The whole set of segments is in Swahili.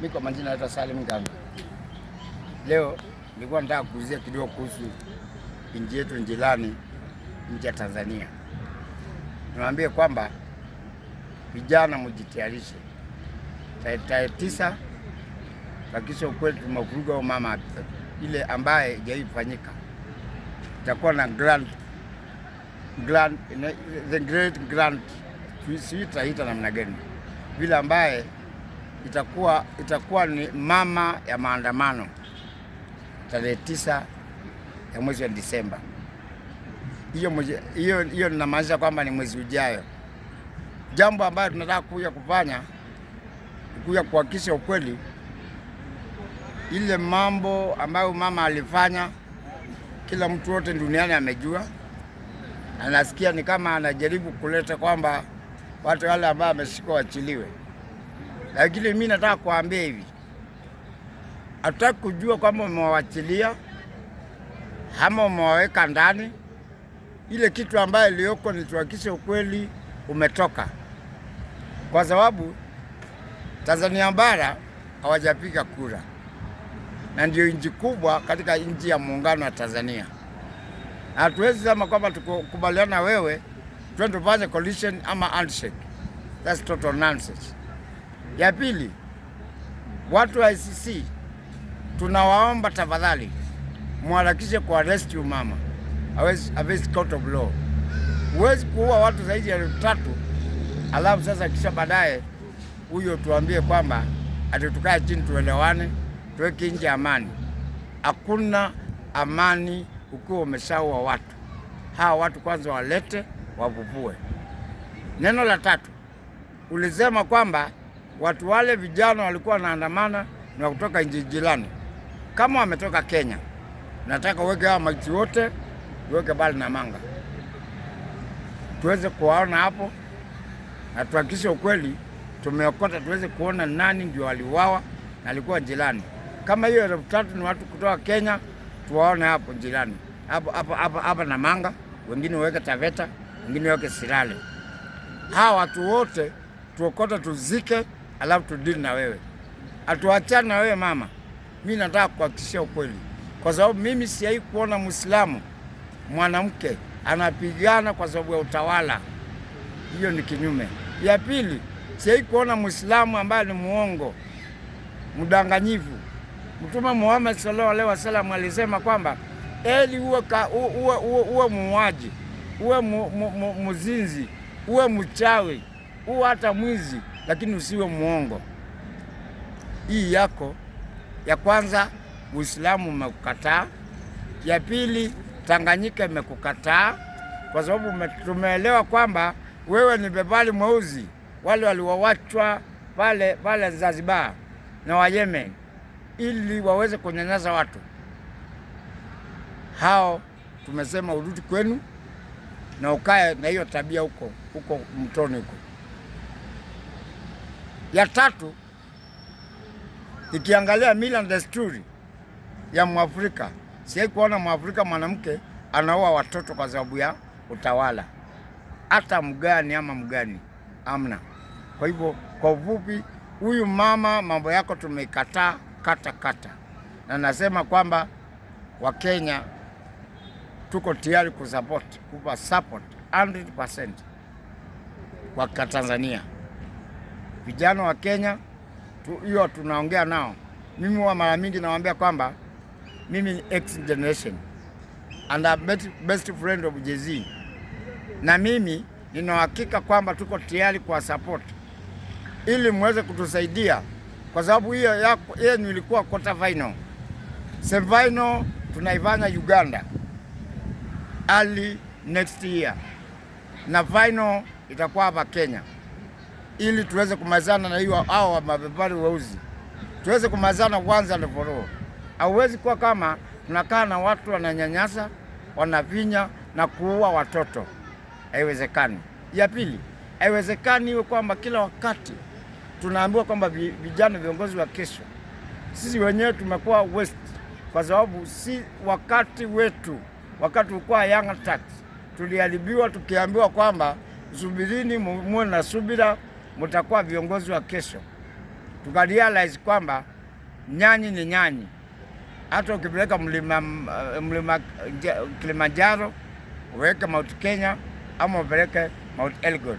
Mimi kwa majina naitwa Salim Ganga. Leo nilikuwa nataka kuuzia kidogo kuhusu nchi yetu jirani, nchi ya Tanzania. Niwaambie kwamba vijana mujitayarishe tarehe tisa hakikisha ukweli tumevuruga umama ile ambaye haijaifanyika. Itakuwa na grand grand the great grand sijui tutaita namna gani vile ambaye itakuwa, itakuwa ni mama ya maandamano tarehe tisa ya mwezi wa Disemba. Hiyo ninamaanisha kwamba ni mwezi ujayo. Jambo ambayo tunataka kuja kufanya kuja kuhakikisha ukweli, ile mambo ambayo mama alifanya kila mtu wote duniani amejua, anasikia ni kama anajaribu kuleta kwamba watu wale ambao wameshikwa wachiliwe lakini mi nataka kuambia hivi, hatutaki kujua kwamba umewawachilia ama umewaweka ndani. Ile kitu ambayo iliyoko ni tuhakikishe ukweli umetoka, kwa sababu Tanzania bara hawajapiga kura na ndio nchi kubwa katika nchi ya muungano wa Tanzania. Hatuwezi sema kwamba tukubaliana wewe twende tufanye coalition ama handshake. That's total nonsense. Ya pili, watu wa ICC tunawaomba tafadhali mwarakishe kwa rescue mama awezi court of law. Huwezi kuua watu zaidi ya elfu tatu alafu sasa kisha baadaye huyo tuambie kwamba ati chini tuelewane tuweke nje amani. Hakuna amani ukiwa umeshaua watu. Hawa watu kwanza walete wavuvue. Neno la tatu ulisema kwamba watu wale vijana walikuwa wanaandamana ni wa kutoka nchi jirani, kama wametoka Kenya, nataka uweke hawa maiti wote uweke bali na manga, tuweze kuwaona hapo na tuhakikishe ukweli tumeokota, tuweze kuona nani ndio waliuawa na alikuwa jirani. Kama hiyo elfu tatu ni watu kutoka Kenya, tuwaone hapo jirani hapo hapo hapo hapa na manga, wengine waweke Taveta, wengine waweke Silale. Hawa watu wote tuokota, tuzike alafu tudili na wewe, atuachane na wewe mama. Mi nataka kuhakikishia ukweli, kwa sababu mimi siai kuona Muislamu mwanamke anapigana kwa sababu ya utawala. Hiyo ni kinyume. Ya pili, siai kuona Muislamu ambaye ni muongo mdanganyifu. Mtume Muhammad sallallahu alaihi wasallam alisema kwamba eli uwe, uwe, uwe, uwe muuaji uwe mu, mu, mu, muzinzi uwe mchawi uwe hata mwizi lakini usiwe mwongo. Hii yako ya kwanza, Uislamu umekukataa. Ya pili, Tanganyika imekukataa kwa sababu tumeelewa kwamba wewe ni bebali mweuzi wale waliowachwa pale pale Zanzibar na Wayemen ili waweze kunyanyasa watu hao. Tumesema urudi kwenu na ukae na hiyo tabia huko huko mtoni huko. Ya tatu, ikiangalia mila na desturi ya Mwafrika, siai kuona Mwafrika mwanamke anaoa watoto kwa sababu ya utawala, hata mgani ama mgani amna. Kwa hivyo, kwa ufupi, huyu mama, mambo yako tumekataa kata kata, na nasema kwamba Wakenya tuko tayari kusupport, kupa support 100% kwa Tanzania vijana wa Kenya hiyo tu, tunaongea nao. Mimi huwa mara mingi nawaambia kwamba mimi ni ex generation and a best friend of Jay-Z, na mimi ninahakika kwamba tuko tayari kwa support ili muweze kutusaidia kwa sababu hiyo yenu ilikuwa quarter final, semifinal tunaifanya Uganda early next year na final itakuwa hapa Kenya ili tuweze kumazana na hiyo hao mabepari weuzi, tuweze kumazana kwanza na row. Hauwezi kuwa kama tunakaa na watu wananyanyasa, wanavinya na kuua watoto, haiwezekani. Ya pili, haiwezekani iwe kwamba kila wakati tunaambiwa kwamba vijana viongozi wa kesho. Sisi wenyewe tumekuwa west, kwa sababu si wakati wetu. Wakati ulikuwa young tax tuliharibiwa, tukiambiwa kwamba subirini, muwe na subira mtakuwa viongozi wa kesho. Tukarealize kwamba nyanyi ni nyanyi hata ukipeleka mlima, eh, mlima Kilimanjaro uweke Mount Kenya ama upeleke Mount Elgon,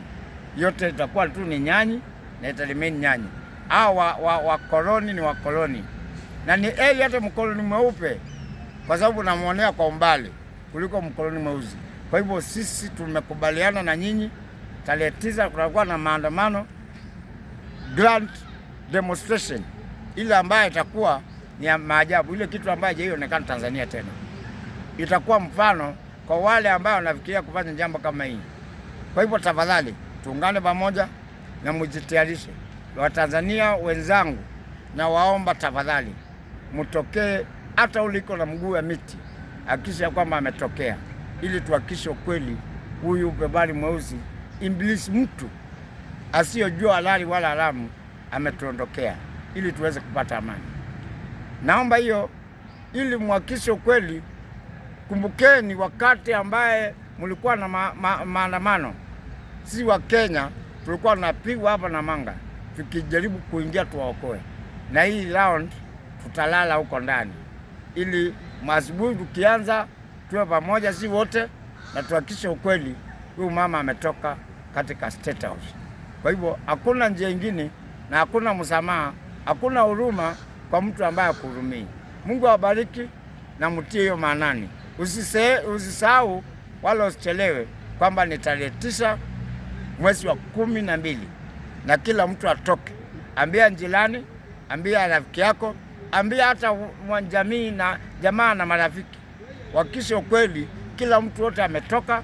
yote itakuwa tu ni nyanyi na italimeni nyanyi Hawa wakoloni wa, wa ni wakoloni na ni eli hata mkoloni mweupe, kwa sababu namwonea kwa umbali kuliko mkoloni mweusi. Kwa hivyo sisi tumekubaliana na nyinyi tarehe tisa kutakuwa na maandamano grand demonstration, ile ambayo itakuwa ni ya maajabu, ile kitu ambayo haijaonekana Tanzania tena. Itakuwa mfano kwa wale ambao wanafikiria kufanya jambo kama hili. Kwa hivyo, tafadhali tuungane pamoja na mujitayarishe. Watanzania wenzangu, na waomba tafadhali mtokee hata uliko na mguu ya miti, hakikisha kwamba ametokea, ili tuhakikishe kweli huyu bebani mweusi Ibilisi mtu asiyojua halali wala haramu ametuondokea ili tuweze kupata amani. Naomba hiyo ili mwakishe ukweli. Kumbukeni wakati ambaye mlikuwa na maandamano ma, ma, si wa Kenya tulikuwa tunapigwa hapa na manga, tukijaribu kuingia tuwaokoe, na hii round tutalala huko ndani ili asubuhi tukianza tuwe pamoja, si wote, na tuhakikishe ukweli, huyu mama ametoka katika State House. Kwa hivyo hakuna njia ingine na hakuna msamaha, hakuna huruma kwa mtu ambaye akuhurumii. Mungu awabariki na mtie hiyo maanani, usisahau wala usichelewe kwamba ni tarehe tisa mwezi wa kumi na mbili, na kila mtu atoke, ambia jirani, ambia rafiki yako, ambia hata jamii na jamaa na marafiki, wakishe ukweli, kila mtu wote ametoka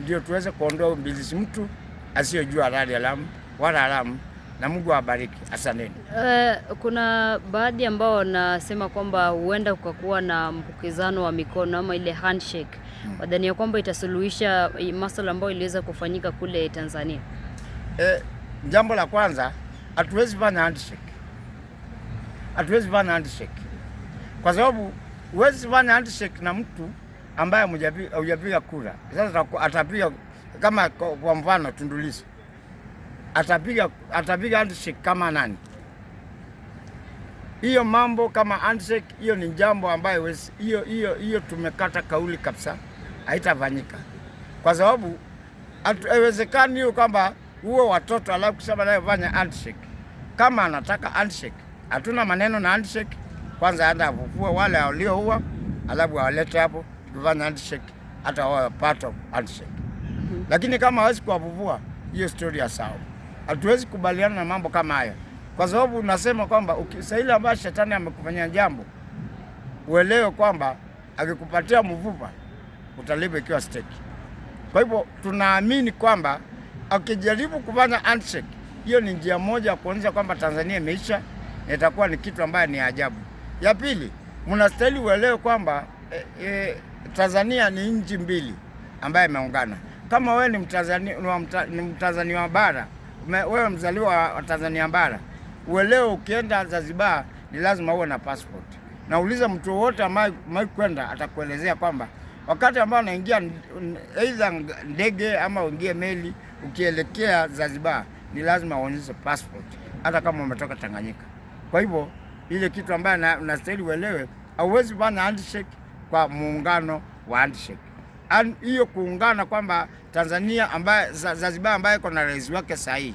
ndio tuweze kuondoa mbilisi mtu asiyojua halali haramu wala haramu na Mungu awabariki. asaneni Uh, kuna baadhi ambao wanasema kwamba huenda kukakuwa na mpukizano wa mikono ama ile handshake hmm. ya kwamba itasuluhisha masuala ambayo iliweza kufanyika kule Tanzania. Eh, jambo la kwanza hatuwezi fanya handshake. Hatuwezi fanya handshake. Kwa sababu huwezi fanya handshake na mtu ambaye hujapiga kura. Sasa atapiga kama kwa mfano Tundu Lissu atapiga atapiga handshake kama nani? Hiyo mambo kama handshake hiyo ni jambo ambayo hiyo hiyo hiyo tumekata kauli kabisa, haitafanyika kwa sababu haiwezekani hiyo kwamba huo watoto alafu kusema naye fanya handshake. Kama anataka handshake, hatuna maneno na handshake. Kwanza hata afufue wale walioua, alafu awalete hapo kufanya handshake, hata wawe part of handshake mm -hmm. Lakini kama hawezi kuwavuvua, hiyo story ya sawa. Hatuwezi kubaliana na mambo kama haya, kwa sababu unasema kwamba ukisaili ile ambayo shetani amekufanyia jambo, uelewe kwamba akikupatia mvuva utalipa ikiwa steki. Kwa hivyo tunaamini kwamba akijaribu kufanya handshake, hiyo ni njia moja ya kuonyesha kwamba Tanzania imeisha na itakuwa ni kitu ambayo ni ajabu. Ya pili, mnastahili uelewe kwamba eh, eh, Tanzania ni nchi mbili ambayo imeungana. Kama wewe ni Mtanzania ni Mtanzania wa bara, wewe mzaliwa wa Tanzania bara, uelewe ukienda Zanzibar ni lazima uwe na passport. Nauliza mtu wowote ambaye kwenda atakuelezea kwamba wakati ambao anaingia aidha ndege ama uingie meli ukielekea Zanzibar ni lazima uonyeshe passport, hata kama umetoka Tanganyika. Kwa hivyo ile kitu ambayo nastahili uelewe, hauwezi fanya handshake kwa muungano wa handshake. Hiyo kuungana kwamba Tanzania ambaye Zanzibar ambaye iko na rais wake sahihi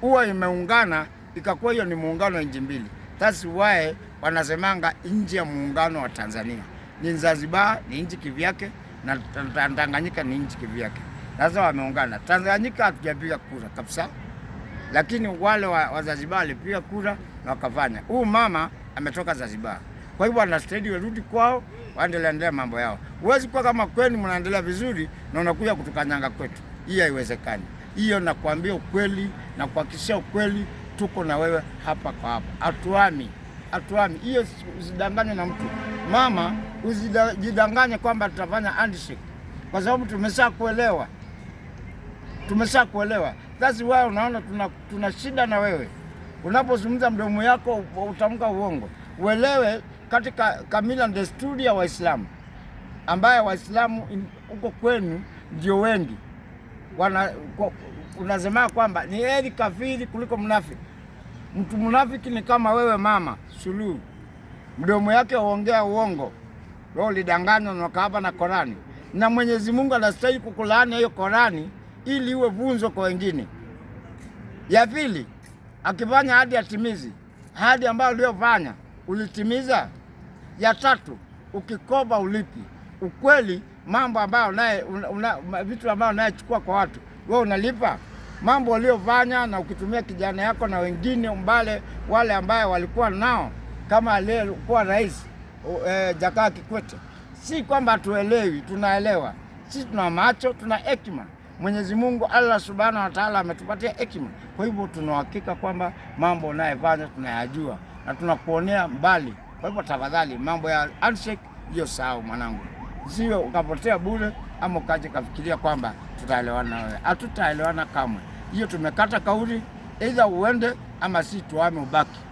huwa imeungana ikakuwa hiyo ni muungano wa nchi mbili. That's why wanasemanga nchi ya muungano wa Tanzania ni Zanzibar ni nchi kivyake na Tanganyika ni nchi kivyake. Sasa wameungana. Tanganyika hatujapiga kura kabisa, lakini wale wa, wa Zanzibar walipiga kura na wakafanya. Huyu mama ametoka Zanzibar, kwa hivyo anastahili warudi kwao waendeleaendelea mambo yao. Huwezi kuwa kama kweni mnaendelea vizuri na unakuja kutukanyanga kwetu. Hii haiwezekani. Hiyo nakwambia ukweli na kuhakikishia ukweli, tuko na wewe hapa kwa hapa, hatuami hatuami. Hiyo usidanganywe na mtu mama, usijidanganye kwamba tutafanya handshake kwa sababu tumesha kuelewa, tumesha kuelewa. That's why unaona tuna, tuna shida na wewe unapozungumza, mdomo yako utamka uongo. Uelewe katika kamila desturi ya Waislamu, ambaye Waislamu huko kwenu ndio wengi unasema kwamba ni heri kafiri kuliko mnafiki. Mtu mnafiki ni kama wewe Mama Suluhu, mdomo yake huongea uongo, roho lidanganywa na kahaba na Korani, na Mwenyezi Mungu anastahili kukulaani hiyo Korani ili iwe vunzo kwa wengine. Ya pili, akifanya hadi atimizi hadi ambayo uliyofanya ulitimiza ya tatu, ukikoba ulipi. Ukweli mambo ambayo naye vitu ambayo unayechukua kwa watu, we unalipa mambo waliofanya na ukitumia kijana yako na wengine mbale wale ambaye walikuwa nao kama aliyekuwa rais e, Jakaya Kikwete. Si kwamba tuelewi, tunaelewa sisi, tuna macho, tuna hekima. Mwenyezi Mungu Allah subhanahu wa taala ametupatia hekima, kwa hivyo tunahakika kwamba mambo unayefanya tunayajua na tunakuonea mbali. Kwa hivyo tafadhali, mambo ya handshake hiyo sahau mwanangu, sio ukapotea bure ama ukaje kafikiria kwamba tutaelewana wewe. Hatutaelewana kamwe. Hiyo tumekata kauli, aidha uende ama si tuame ubaki.